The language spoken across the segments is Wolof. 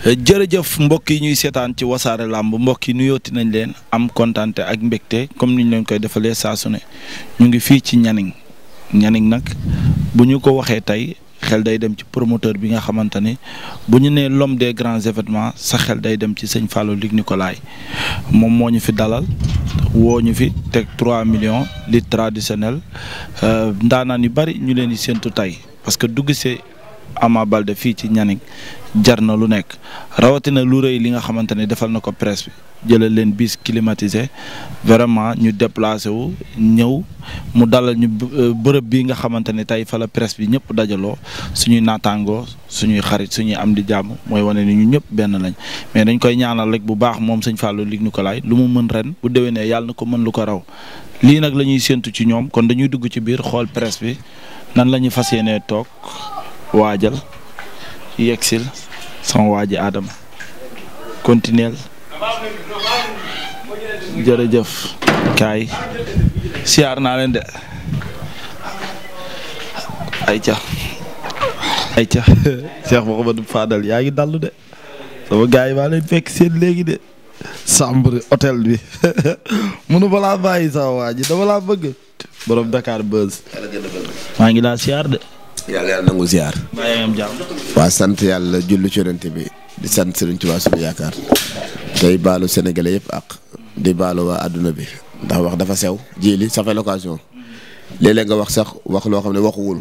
jërëjëf mbokk yi ñuy seetaan ci wasaare làmb mbokk yi nuyooti nañ leen am kontaan ak mbégte comme ni ñu leen koy defalee saa su ne ñu ngi fii ci ñaning ñaning nag bu ñu ko waxee tey xel day dem ci promoteur bi nga xamante ne bu ñu nee l'homme des grands événements sax xel day dem ci sëñ Fallou Luc Nicolaï moom moo ñu fi dalal woo ñu fi teg 3 millions litres traditionnel euh, ndaanaan yu bari ñu leen di séntu tey parce que du Ama Balde fii ci Nianing jar na lu nekk rawatina lu rëy li nga xamante ne defal na ko presse bi jëlal leen bis climatisé vraiment ñu déplacé wu ñëw mu dalal ñu euh, bërëb bi nga xamante ne tey fa la presse bi ñëpp dajaloo suñuy naataangoo suñuy xarit su suñuy am di jàmm mooy wane ni ñu ñëpp benn lañ mais dañ koy ñaanal rek bu baax moom sëñ Fallou ko Nicolaï lu mu mën ren bu ne yàlla na ko mën lu ko raw lii nag la ñuy séentu ci ñoom kon dañuy dugg ci biir xool presse bi nan la ñuy fas yéenee toog waajal yegsil sama waaji Adama continuel jërëjëf kaay siyaar naa leen de ayca ayca Cheikh Mouhamadou Fadal yaa ngi dallu de sama gars yi maa leen fekk seen léegi de chambre hôtel bi munu balaa bàyyi sama waa ji dama laa bëgg borom Dakar Buzz maa ngi laa siyaar de yàlla yàlla nangu ziar. waa sant yàlla julli ci yonent bi di sant Serigne Touba suñu yaakaar tey baalu sénégalais yëpp ak di baalo waa àdduna bi ndax wax dafa sew jiili li fait l'occasion léeg-léeg nga wax sax wax loo xam ne waxuwul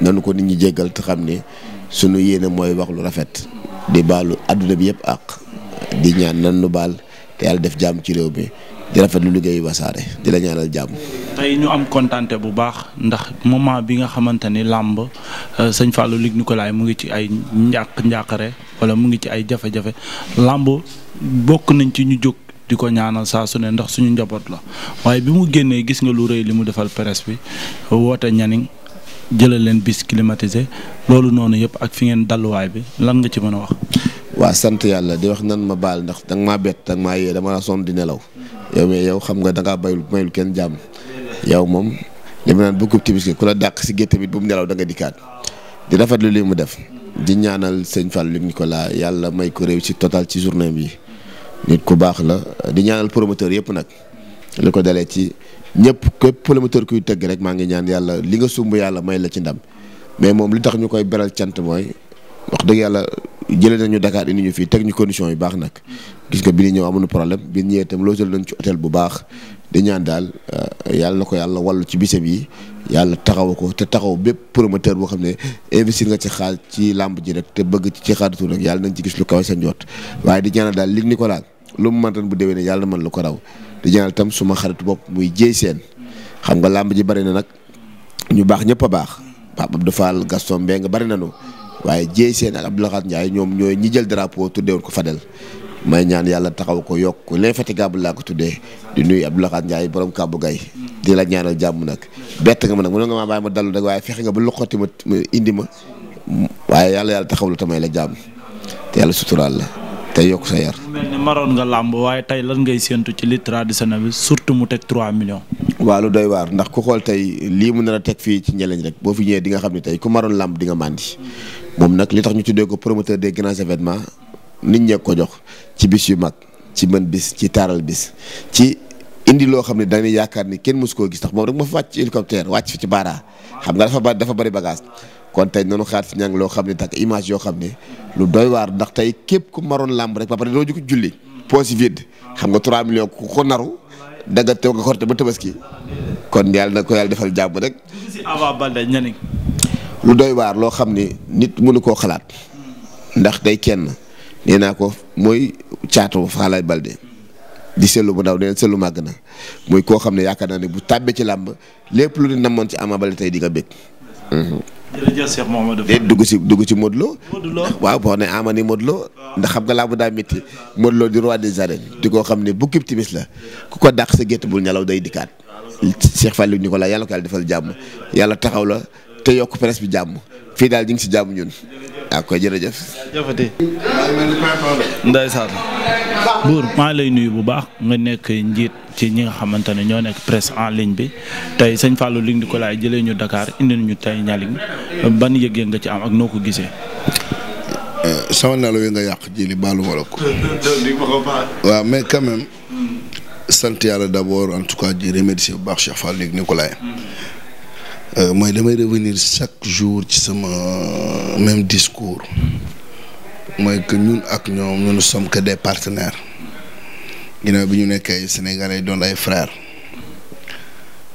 nan ko nit ñi jéggal te xam ne sunu yéene mooy wax lu rafet di baalu àdduna bi yëpp ak di ñaan nan nu baal te yàlla def jàmm ci réew bi di rafet lu liggéeyu wasaare di la ñaanal jàmm. tey ñu am kontante bu baax ndax moment bi nga xamante ni làmb euh, sëñ Fallou Luc Nicolaï mu ngi ci ay njàq njàqare wala mu ngi ci ay jafe-jafe làmb bokk nañ ci ñu jóg di ko ñaanal saa su ne ndax suñu njaboot la waaye bi mu génnee gis nga lu rëy li mu defal presse bi woote ñaniñ jëlal leen bis climatisé loolu noonu yëpp ak fi ngeen dalluwaay bi lan nga ci mën a wax. waa sant yàlla di wax nan ma baal ndax danga maa bett danga maa yee dama la sonn di nelaw yow xam nga dangaa bayul mayul kenn jàmm yow moom li ma naan bukkub tibis ku la dàq si gétt bi bu mu nelaw da nga dikkaat di rafetlu li mu def di ñaanal sëñ Fall lim Nicolas yàlla may ko réew si total ci journée bi nit ku baax la di ñaanal promoteur yëpp nag li ko dalee ci ñëpp képp promoteur kuy tëgg rek maa ngi ñaan yàlla li nga sumb yàlla may la ci ndam mais moom li tax ñu koy beral cant mooy wax dëgg jëlee nañu dakaar indi ñu fii teg ñu condition yi baax nag gis nga bi ñu ñëw amuñu problème bi ñëwee itam loosal nañ ci hôtel bu baax di ñaan daal euh, yàlla na ko yàlla wàllu ci bisam yi yàlla taxaw ko te taxaw bépp promoteur boo xam ne investir nga ci xaal ci làmb ji rek te bëgg ci xaaritu nag yàlla nañ ci gis lu kawe sa njoot waaye di ñaanal daal lig ni ko laal lu mu mantan bu déwénee yàlla na mën lu ko raw di ñaanal itam suma xarit bopp muy jéy seen xam nga làmb ji bari na nag ñu baax ñëpp baax Pape Abdou Fall Gaston Mbengue bari nañu waaye jéey seen ak Abdou Lakhat Ndiaye ñoom ñooy ñi jël drapeau tuddee ko Fadel may ñaan yàlla taxaw ko yokk ko l'infatigable laa ko tuddee di nuy Abdou Lakhat Ndiaye borom kàbbu gay di la ñaanal jàmm nag bett nga ma nag mën nga maa bàyyi ma dallu nag waaye fexe nga ba loxoti ma indi ma waaye yàlla yàlla taxaw la may la jàmm te yàlla suturaal la te yokk sa yar. mel ni waaye tey lan ngay séentu ci li traditionnel bi surtout mu teg 3 millions. waa lu doy waar ndax ku xool tey lii mu nar a teg fii ci njëleñ rek boo fi ñëwee dinga xam ne tey ku maroon làmb di nga màndi moom nag li tax ñu tuddee ko promoteur des grands événements nit ñee ko jox ci bis yu mag ci mën bis ci taaral bis ci indi loo xam ne dañuy yaakaar ni kenn mësu koo gis tax moom ma fa wàcc wàcc fi ci baara xam nga dafa bari dafa bari bagage kon tey noonu xaar si ñàng loo xam ne tak image yoo xam ne lu doy waar ndax tey képp ku maroon làmb rek ba pare doo jug julli poche vide xam nga 3 millions ku ko naru daga toog a korte ba tabaski kon yàlla na ko yàlla defal jàmm rek. lu doy waar loo xam ni nit mënu koo xalaat ndax day kenn nee naa ko mooy caatu Falaye Balde di seetlu bu ndaw nee na màgg na mooy koo xam ne yaakaar naa ni bu tàbbee ci làmb lépp lu ne namoon ci Ama Balde tey di nga bëgg. Mhm. jërëjëf Cheikh Mouhamadou dugg ci dugg ci Modou waaw boo xam ne Amani Modou ndax xam nga laa bu daa métti Modou di roi des arènes di koo xam ne bu kib timis la ku ko dàq sa gétt bul ñalaw day dikkaat Cheikh Fallou ñu ko la yàlla ko yàlla defal jàmm yàlla taxaw la te yokk presse bi jàmm fii daal ñu ngi ci jàmm ñun waaw ah, koy jërëjëf. jëfati. ndeysaan. buur maa lay nuyu bu baax nga nekk njiit ci ñi nga xamante ne ñoo nekk presse en ligne bi tey sëñ Fallou Luc Nicolaï jëlee ñu dakaar indi ñu tey ñaling ban yëg nga ci am ak noo ko gisee. Euh, sama nelaw yi nga yàq ji li ma la ko. waaw mais quand même. sant yàlla d'abord en tout cas di remercier bu baax Cheikh Fallou Luc Nicolaï. Euh, mooy damay revenir chaque jour ci sama euh, même discours mooy que ñun ak ñoom ñun nous sommes que des partenaires bi ñu nekk ay Sénégalais doon ay frères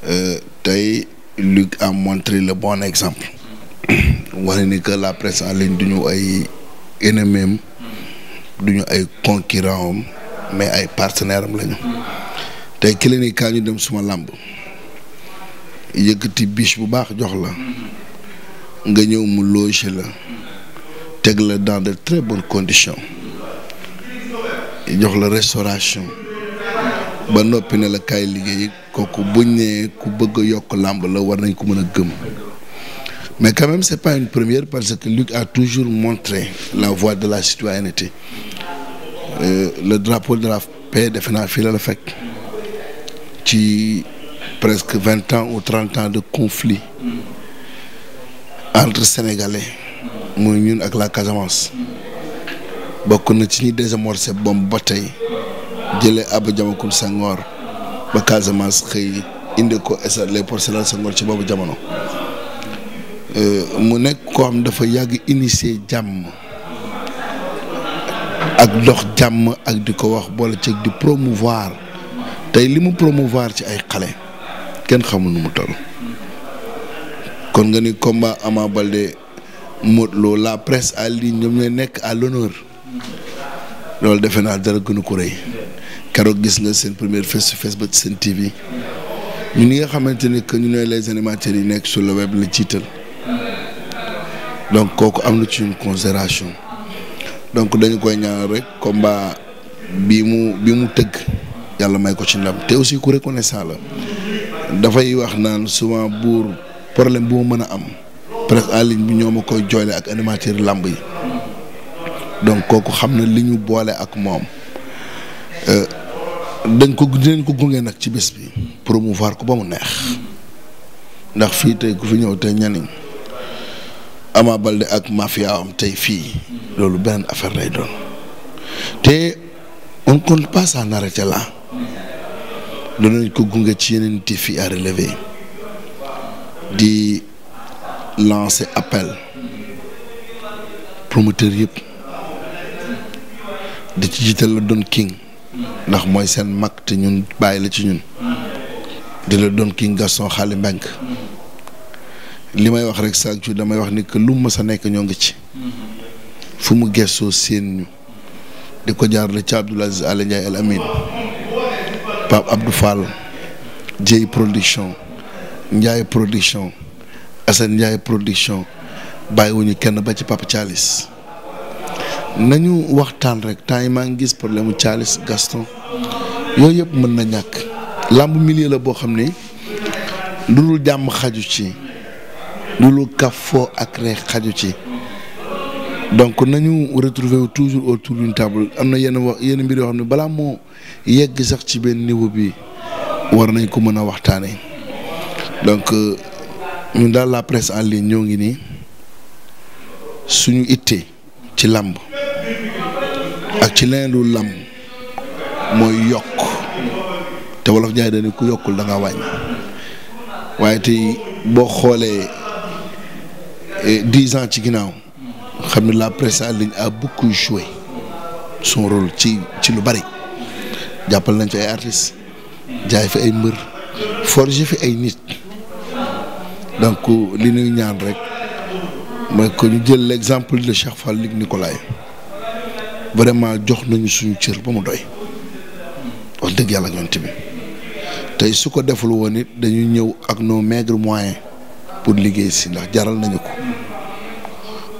euh, tey Luc a montré le bon exemple wane ni que la presse en ligne du ñu ay ennemis du ñu ay concurrents mais ay partenaires am lañu tey ki la ni kaa ñu dem suma làmb yëkkati biche bu baax jox la nga ñëw mu loger la teg la dans de très bonnes conditions jox la restauration ba noppi ne la kaay liggéey kooku buñ ne ku bëgg a yokk làmb la war nañ ko mën a gëm mais quand même c'est pas une première parce que Luc a toujours montré la voie de la citoyenneté euh, le drapeau de la paix defe naa fii la la fekk ci presque vingt ans ou trente ans de conflit entre sénégalais muy ñun ak la Casamance bokk na ci ñi désamorcé bomb ba tey jëlee Abba Diamacoune Senghor ba Casamance xëy indi ko le Léopold Sédar Senghor ci boobu jamono euh, mu nekk koo xam dafa yàgg initier jàmm ak dox jàmm ak di ko wax boole ci di promouvoir tey li mu promouvoir ci ay xale kenn xamul mu toll. kon nga ni combat Ama Baldé Modou Lo la presse à ligne ñoom ñooy nekk à l'honneur loolu defe naa dara gënu ko rëy keroog gis nga seen première face to ba ci seen TV ñu ñi nga xamante ni que ñu ne les animateurs yi nekk sur le web la jiital donc kooku am na ci une considération donc dañu koy ñaanal rek combat bi mu bi mu tëgg yàlla may ko ci ndam te aussi ku reconnaissant la. dafay wax naan souvent buur problème bu ma mën a am presse en bi ñoo ma koy jooyle ak animateur làmb yi donc kooku xam na li ñu boole ak moom euh, dañ ko dinañ ko gunge nag ci bés bi promouvoir ko ba mu neex ndax fii tey ku fi ñëw tey ñaniñ Ama Baldé ak mafia tey fii loolu beneen affaire lay doon te on compte pas s'en arrêter danañ ko gunge ci yeneen défis à relever di lancer appel promoteur yépp di ci jiital la Don King ndax mooy seen mag te ñun bàyyi la ci ñun di la Don King Gaston Xaali Mbenk li may wax rek sànq damay wax ni que lu mës a nekk ñoo ngi ci fu mu gëstoo seen ñu di ko jaarale ci Abdoul Aziz Alé El Amin Pape Abdou Fall Dieye production njaay production Assane Ndiaye production bàyyiwuñu kenn ba ci pap Papa Thialis nañu waxtaan rek temps yi maa ngi gis problème mu Thialis Gaston yooyu yëpp mën na ñàkk làmb milieu la boo xam ne lu jàmm xaju ci lu dul kaf foo ak ree xaju ci donc nañu retrouver wu toujours autour d'une table am na yenn wax yenn mbir xam ne balaa moo yegg sax ci benn niveau bi war nañ ko mën a waxtaanee donc euh, ñun daal la presse en ligne ñoo ngi nii suñu ittee ci làmb ak ci leen lu làmb mooy yokk te wolof Njaay dañu ku yokkul da nga wàññi waaye tey boo xoolee eh, dix ans ci ginnaaw. xam ne la presse liñ ligne a beaucoup joué son rôle ci ci lu bari jàppal nañ fi ay artistes jaay fi ay mbër forger fi ay nit donc li ñuy ñaan rek mooy que ñu jël l'exemple de Cheikh Fall Luc Nicolaï vraiment jox nañu suñu cër ba mu doy wax dëgg yàlla ñoom tamit tey su ko deful woon it dañuy ñëw ak nos maigres moyens pour liggéey si ndax jaral nañu ko.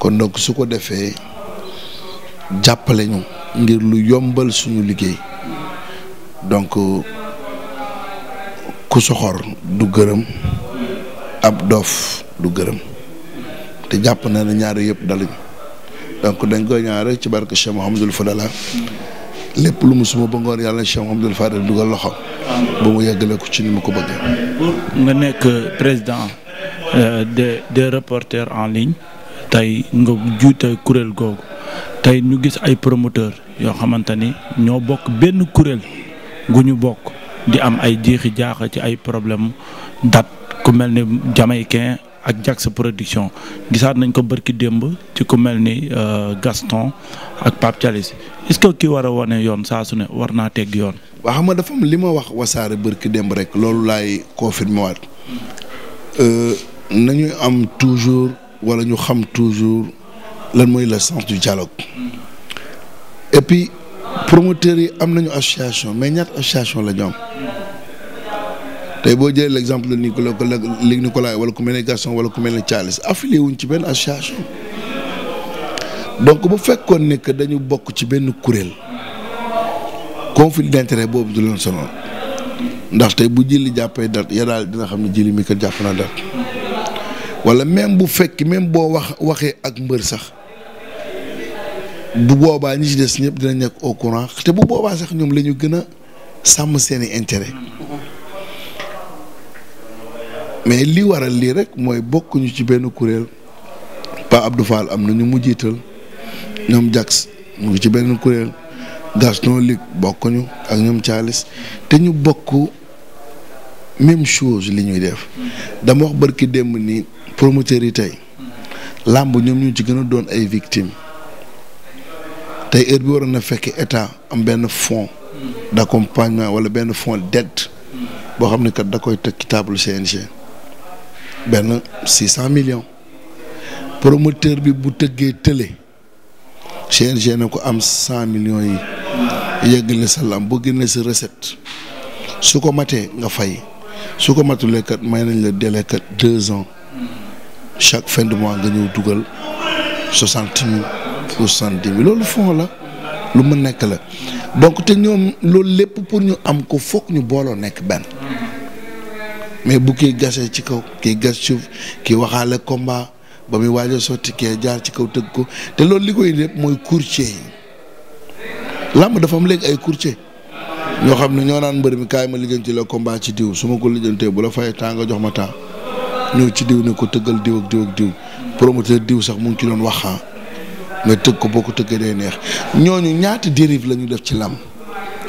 kon donc su ko defee jàppale ñu ngir lu yombal suñu liggéey donc ku soxor du gërëm ab dof du gërëm te jàpp na ne ñaari yëpp daluñu donc dañ koy ñaar rek ci barke Cheikh Mouhamadul Fadala lépp lu mu suma ba ngoon yàlla Cheikh Mouhamadul Fadala dugal loxo ba mu yeggale ko ci ni mu ko bëggee. nga nekk président euh, des des reporters en ligne. tey nga juute kuréel googu tey ñu gis ay promoteur yoo xamante ni ñoo bokk benn kuréel gu ñu bokk di am ay jeexi jaax ci ay problème dat ku mel ni jamaïcain ak Jax production gisaat nañ ko bërki démb ci ku mel ni euh, Gaston ak Pape Thialis est ki war a yoon saasu ne war naa teg yoon. waa xam ma dafa am li ma wax wasaare bërki démb rek loolu laay confirmer waat euh, am toujours. wala ñu xam toujours lan mooy la sens du dialogue et puis promoteurs yi am nañu association mais ñaata association la ñu am tey boo jëlee l' exemple de Nicolas Ligue Nicolas wala ku mel ne Gaston wala ku mel ne Thialis wuñ ci benn association donc bu fekkoon ne que dañu bokk ci benn kuréel conflit d' intérêt boobu du leen sonal ndax tey bu jëli jàppee date ya daal dina xam ne jëli mi kat jàpp naa date wala même bu fekki même boo wax waxee ak mbër sax bu boobaa ñu ci des ñëpp dina nekk au courant te bu boobaa sax ñoom lañu ñu gën a sàmm seeni intérêt mais li waral lii rek mooy bokkuñu ci benn kuréel Pa Abdou Fall am na ñu mu jiital ñoom Jax mu ci benn kuréel Gaston Ligue bokkuñu ak ñoom Thialis te ñu bokk même chose li ñuy def dama wax barki démb nii promoteurs yi tey làmb ñoom ñu ci gën a doon ay victimes tey heure bi waroon na fekk état am benn fonds d'accompagnement wala benn fonds d'aide boo xam ne kat da koy teg table CNG benn six cent millions promoteur bi bu tëggee tële CNG ne ko am cent millions yi yëggle sa làmb boo génnee si recet su ko matee nga fay su ko matulee kat may nañ la délai kat deux ans chaque fin de mois nga ñëw dugal soixante mille ou soixante-dix mille loolu fond la lu ma nekk la donc te ñoom loolu lépp pour ñu am ko foog ñu booloo nekk benn mais bu kii gasee ci kaw kii gas suuf kii waxaale combat ba mu waaj a sotti kii jaar ci kaw tëgg ko te loolu li koy lépp mooy courtier yi làmb dafa am léegi ay courtier ñoo xam ne ñoo naan mbër mi kaay ma lijjanti la combat ci diw su ma ko lijjantee bu la fay temps nga jox ma temps ñëw ci diw na ko tëggal diw ak diw ak diw promoteur diw sax mu ngi ci doon waxaa ah, mais tëgg ko boo ko tëggee day neex ñooñu ñaati dérive la ñu def ci lam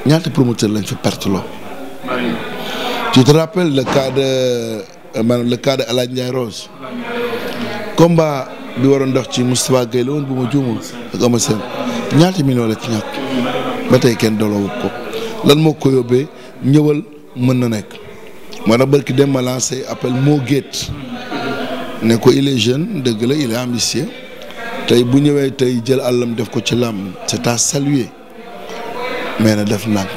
ñaati promoteur lañ fi perte loo. tu te rappelles le cas de euh, maanaam le cas de El Hadj Ndiaye bi waroon dox ci Moustapha Gueye la woon bu ma juumul ak Ama Sène ñaata la ci ñàkk ba tey kenn dolloo ko lan moo ko yóbbee ñëwal mën na nekk. moo tax barki dem ma lancé appel moo géet ne ko il est jeune dëgg la il est ambitieux tey bu ñëwee tey jël àllam def ko ci làmb c'est à saluer mais na def ndànk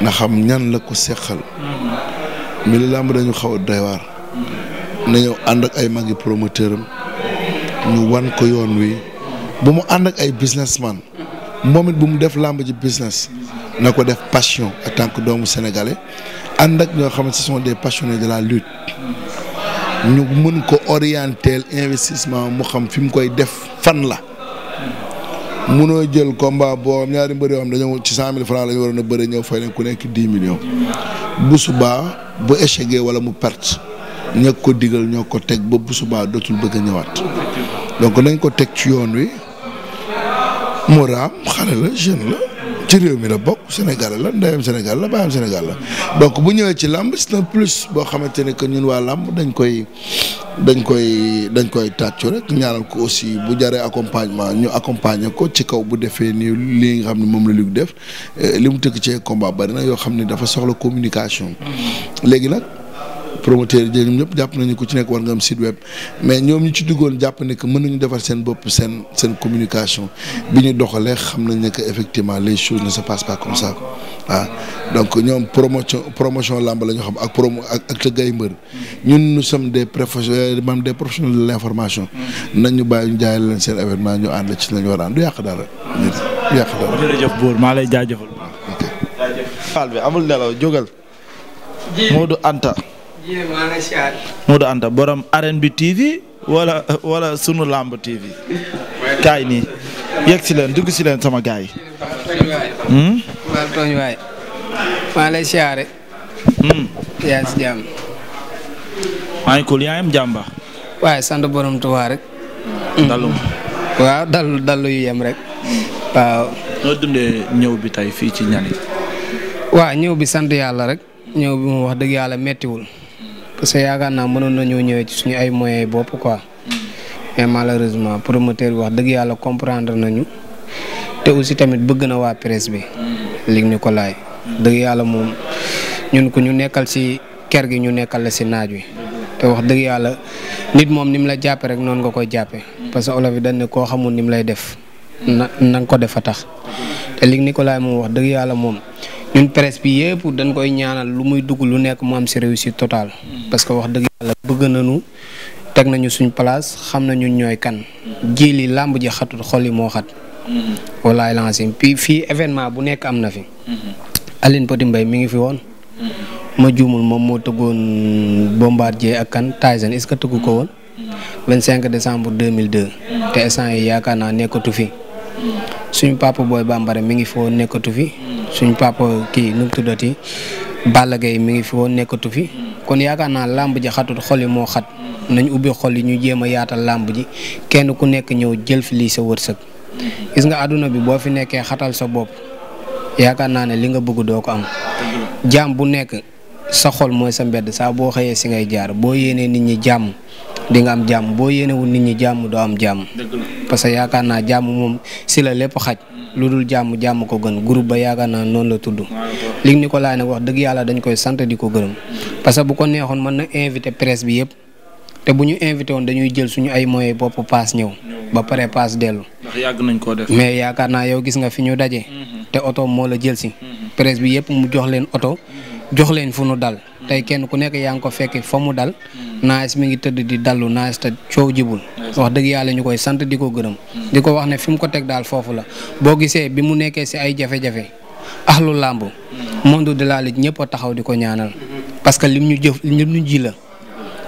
na xam ñan la ko seqal mi li làmb dañu xaw a doy waar na ànd ak ay magi promoteur am ñu wan ko yoon wi bu mu ànd ak ay businessman moom it bu mu def làmb ji business na ko def passion en tank doomu sénégalais ànd ak ñoo xam ne ce sont des passionnés de la lutte ñu mën ko orienter investissement mu xam fi mu koy def fan la mënoo jël combat boo ñaari mbër yoo xam dañoo ci cent mille francs la ñu waroon bëri ñëw fay leen ku nekk dix millions bu subaa bu échecgee wala mu perte ña ko digal ñoo ko teg ba bu subaa dootul bëgg ñëwaat donc nañ ko teg ci yoon wi. Moura xale la jeune la ci réew mi la bokk Sénégal la ndeyam Sénégal la baayam Sénégal la donc bu ñëwee ci làmb c'est un plus boo xamante ne que ñun waa làmb dañ koy dañ koy dañ koy tàccu rek ñaanal ko aussi bu jaree accompagnement ñu accompagner ko ci kaw bu defee nii lii nga xam ne moom la Luc def eh, li mu tëkk ci combat bari na yoo xam ne dafa soxla communication mm-hmm. léegi nag. promoteur yi ñëpp jàpp nañu ku ci nekk war nga am site web mais ñoom duggoon jàpp ne que mën nañu seen bopp seen seen communication bi ñu doxalee xam nañ ne que effectivement les choses ne se donc ñoom promotion promotion làmb la ñu xam ak promo ak ak tëggay mbër ñun nous sommes des professionnels même des professionnels de l' information nañu bàyyi ñu jaay leen seen événement ñu ànd ci lañu war a ànd du yàq dara du yàq dara jërëjëf Bour maa lay jaajëfal faal bi amul nelaw jógal Modou Anta Modou Anta borom RNB TV wala wala sunu lamb TV kaay si leen dugg si sama gaay yi. Hmm? maa hmm. jàmba. waaye sant borom Tuubaa rek. Hmm. dalu waaw dalu ñëw bi tey fii ci Nianing. waaw yàlla rek. ñëw bi mu wax dëgg yàlla mettiwul. parce que yaakaar naa mënoon nañoo ñëwee ci suñu ay moyens bopp ko mais malheureusement promoteur bi wax dëgg yàlla comprendre nañu te aussi tamit bëgg na waa presse bi. lig ñu ko laay. dëgg yàlla moom ñun ku ñu nekkal si ker gi ñu nekkal la si naaj wi. te wax dëgg yàlla nit moom ni mu la jàpp rek noonu nga koy jàppe parce que olof yi dañ ne koo xamul ni mu lay def. na na ko def a tax. te lig ñu moom wax dëgg yàlla moom. ñun presse bi yëpp dañ koy ñaanal lu muy dugg lu nekk mu am si réussite total parce que wax dëgg yàlla bëgg na nañu teg nañu suñ place xam na nañu ñooy kan. ji li làmb ji xatul xol yi moo xat. walaay lancé fii événement bu nekk am na fi. Aline Petit Mbaye mi ngi fi woon. ma jumul moom moo tëggoon Bombardier ak kan Tyson est-ce que tëggu ko woon. 25 décembre 2002. te instant yi yaakaar naa nekkatu fi. suñu papa booy bambara mi ngi foo nekkatu fi. suñ papa kii nu mu tuddati Balla Gaye mi ngi fi woon nekkatu fi kon yaakaar naa làmb ji xatul xol yi moo xat nañu ubbi xol yi ñu jéem a yaatal làmb ji kenn ku nekk ñëw jël fi lii sa wërsëg. gis nga àdduna bi boo fi nekkee xatal sa bopp yaakaar naa ne li nga bëgg doo ko am. jàmm bu nekk sa xol mooy sa mbedd saa boo xëyee si ngay jaar boo yéenee nit ñi jàmm dinga am jàmm boo yéenewul nit ñi jàmm doo am jàmm. parce yaakaar naa jàmm moom si la lépp xaj. lu dul jàmm jàmm ko gën groupe ba yaakaar naa noonu la tudd. Luc Nicolaï nag wax dëgg yàlla dañ koy sant di ko gërëm. parce que bu ko neexoon mën na invité presse bi yëpp te bu ñu invité woon dañuy jël suñu ay mooy bopp paas ñëw. ba pare paas dellu. ndax nañ koo def. mais yaakaar naa yow gis nga fi ñu daje. Mhm. te oto moo la jël si. Mhm. presse bi yëpp mu jox leen oto. jox leen fu nu dal tey kenn ku nekk yaa ngi ko fekkee fa mu dal hmm. naas mi ngi tëdd di dallu naas te coow jibul wax dëgg yàlla ñu koy sant di ko gërëm hmm. di ko wax ne fi mu ko teg daal foofu la boo gisee bi mu nekkee si ay jafe-jafe axlu làmb hmm. monde de la lutte ñëpp taxaw di ko ñaanal parce que lim ñu jëf ñu ji la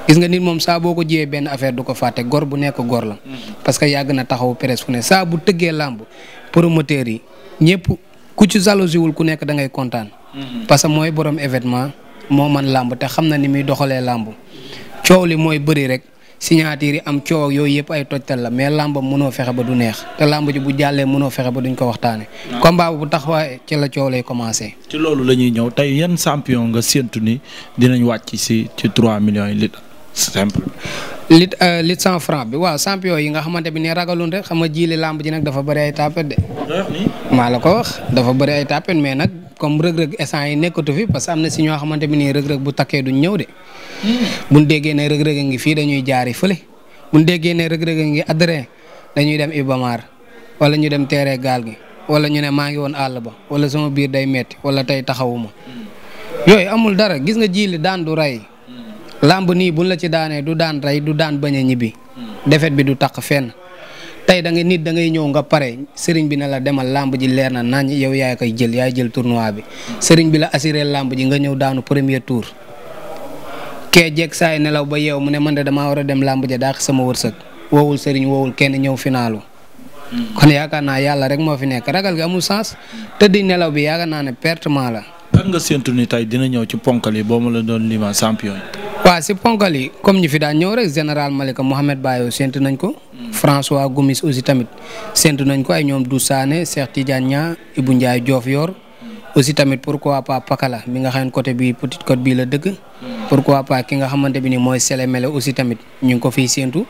gis nga nit moom saa boo ko jiyee benn affaire du ko fàtte gor bu nekk gor la parce que yàgg na taxaw presse fu ne saa bu tëggee làmb promoteurs yi ñëpp ku ci jalousie wul ku nekk da ngay kontaan Mhm. parce que mooy borom événement moo man làmb te xam na ni muy doxalee làmb coow li mooy bëri rek signature yi am coow yooyu yëpp ay tojtal la mais làmb mënoo fexe ba du neex te làmb ji bu jàllee mënoo fexe ba duñ ko waxtaane combat bu waaye ci la coow lay commencé. ci loolu la ñuy ñëw tey yan sampion nga séentu ni dinañ wàcc si ci 3 millions yi litre simple. lit euh, lit cent bi waaw champion yi nga xamante bi ne ragalun rek xam nga jiili làmb ji nag dafa bëri ay comme rëg-rëg essant yi nekkatu fi parce am na si ñoo xamante bi nii rëg-rëg bu takkee duñ ñëw de buñ déggee ne rëg-rëg a ngi fii dañuy jaari fële buñ déggee ne rëg-rëg a ngi adré dañuy dem Ibamar wala ñu dem teere gaal gi wala ñu ne maa ngi woon àll ba wala sama biir day metti wala tey taxawuma yooyu amul dara gis nga jiili daan du rey làmb nii buñ la ci daanee du daan rey du daan bañ a ñibbi hmm. defet bi du taq fenn tey da ngay nit da ngay ñëw nga pare sëriñ bi na la demal lamb ji leer na nañ yow yaay koy jël yaay jël tournoi bi sëriñ bi la assuré lamb ji nga ñëw daanu premier tour. kee jekk saay nelaw ba yeew mu ne man de damaa war a dem lamb ja daax sama wërsëg woowul sëriñ woowul kenn ñëw finaalu kon yaakaar naa yàlla rek moo fi nekk ragal gi amul sens tëddi nelaw bi yaakaar naa ne pertement la. kan nga séntu ni tey dina ñëw ci ponkal yi boo ma la doon lima sa waaw si ponkal yi comme nañ ko. François Gomis aussi tamit séntu nañ ko ay ñoom du saane Cheikh Tidiane ñaa Ibou Ndiaye Diof yor aussi tamit pour quoi pas Pakala mi nga xam ne côté bi Petite Côte bii la dëkk. pourquoi pas ki nga xamante bi nii mooy Sélémélé aussi tamit ñu ngi ko fiy séntu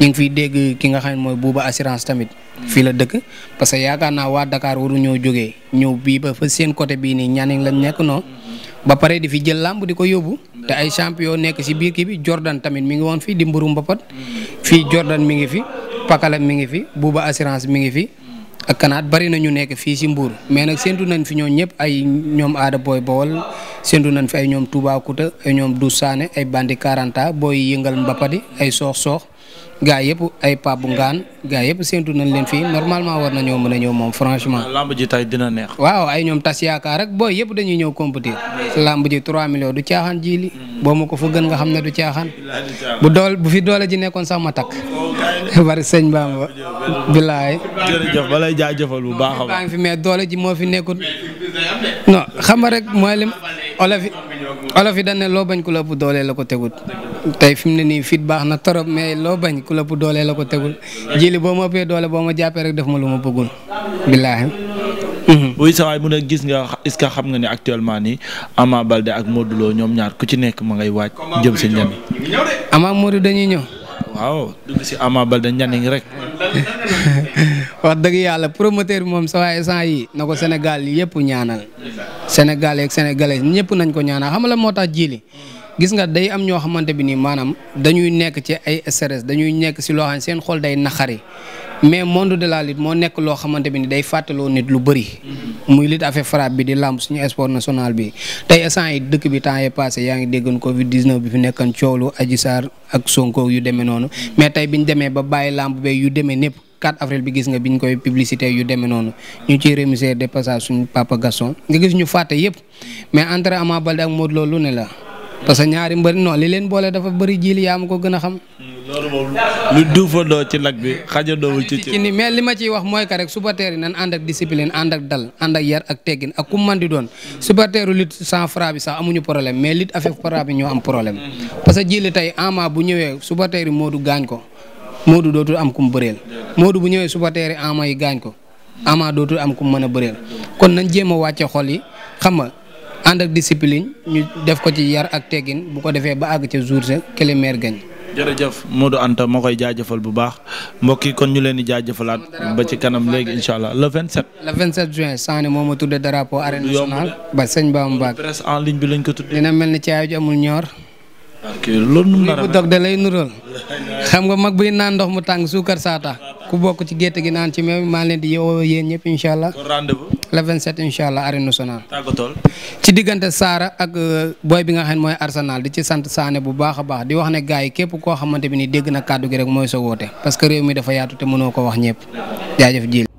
ñu ngi fiy dégg ki nga xam ne mooy Bouba assurance tamit. fii la dëkk parce que yaakaar naa waa dakaar waru ñoo jógee ñëw bii ba fa seen côté bii nii ñanin lañ nekk noonu. ba pare di fi jël lamb di ko yóbbu. te ay champion nekk si biir kii bi Jordan tamit mi ngi woon fii di mburum fii Jordan mi ngi fi. pakala mi ngi fi buuba assurance mi ngi fi ak kanaat bari na ñu nekk fii si mbuur mais nag séntu nañ fi ñoo ñëpp ay ñoom aada booy bowal séntu nañ fi ay ñoom Toubacouta ay ñoom Doussane ay bandi 40 booy yëngal mbappadi ay soox soox gaa yëpp ay Pape Ngaan gaa yëpp séntu nañ leen fii normalement war nañoo mën a ñëw moom franchement. waaw ay ñoom tas yaakaar rek booy yëpp dañuy ñëw compétir. lamb ji 3 millions du caaxaan ji boo ma ko fa nga xam ne du caaxaan. bu fi doole ji nekkoon sax ma takk. bari sëñ Bamba. bilaay. jërëjëf ba lay jaajëfal bu baax a baax. maa doole ji moo fi nekkul. non xam rek mooy lim olof yi dañ ne loo bañ ku la ëpp doole la ko tegut tey fi mu ne nii fit baax na torop mais loo bañ ku la ëpp doole la ko tegul jili boo ma ëppee doole boo ma jàppee rek def ma lu ma bëggul billaahi buy mhm. sawaay mun a gis nga est xam nga ne actuellement nii Ama Baldé ak Modou Lo ñoom ñaar ku ci nekk ma ngay waaj jëm si ñan Ama Modou dañuy ñëw waaw dugg Ama Baldé Nianing rek. wax dëgg yàlla promoteur bi moom sa waay sant yi na yëpp ñaanal. Sénégal yeeg ñëpp nañ ko ñaanal xam moo tax gis nga day am ñoo xamante bi nii maanaam dañuy nekk ci ay stress dañuy nekk si loo xam seen xol day naqari mais monde de la lutte moo nekk loo xamante bi ni day fàttaloo nit lu bëri. muy lutte avec frappe bi di làmb suñu sport national bi tey bi temps yii passé yaa ngi déggoon Covid 19 bi fi nekkan coolu Adji Sarr ak biñ demee ba bàyyi làmb be yu demee népp 4 avril bi gis nga biñ koy publicité yu demee noonu ñu ciy remercier de passage suñu papa Gaston nga gis ñu fàtte yëpp mais entre Ama Baldé ak Modou Lo ne la. parce que ñaari mbëri non li leen boole dafa bëri jiili yaa ma ko gën a xam. loolu moom doo ci nag bi xajandoowul ci ci ni mais li ma ciy wax mooy que rek supporters yi nan ànd ak discipline ànd ak dal ànd ak yar ak teggin ak ku man di doon supporteru lutte san fra bi sax amuñu problème mais lutte avec fra bi ñoo am problème. parce que jiili tey ama bu ñëwee supporters yi Modou gaañ ko moodu dootul am ku mu bëreel Modou bu ñëwee supporters yi ama yi gaañ ko ama dootul am ku mu mën a bëreel kon nañ jéem a wàcce xol yi xam nga ànd ak discipline ñu def ko ci yar ak teggin bu ko defee ba àgg ca jour sa kële meer gañ jërëjëf Modou Anta moo koy jaajëfal bu baax mbokk yi kon ñu leen di jaajëfalaat ba ci kanam léegi incha allah le 27. le 27 juin Sané moo ma tudde drapeau arène nationale ba sëñ baa Mbacké. en ligne bi lañ ko tuddee. dina mel ni caayu ji amul ñor. ok loolu nu mu bu dog da lay nural xam nga mag buy naan ndox mu tàng suukar saata ku bokk ci gétt gi naan ci meew maa leen di yeewoo yéen ñëpp incha allah. rendez le 27 incha allah arène nationale. ci diggante Saara ak euh, boy bi nga xam ne mooy Arsenal di ci sant Sané bu baax a baax di wax ne gars yi képp koo xamante bi ni dégg na kàddu gi rek mooy sa woote parce que réew mi dafa yaatu te mënoo ko wax ñëpp jaajëf ji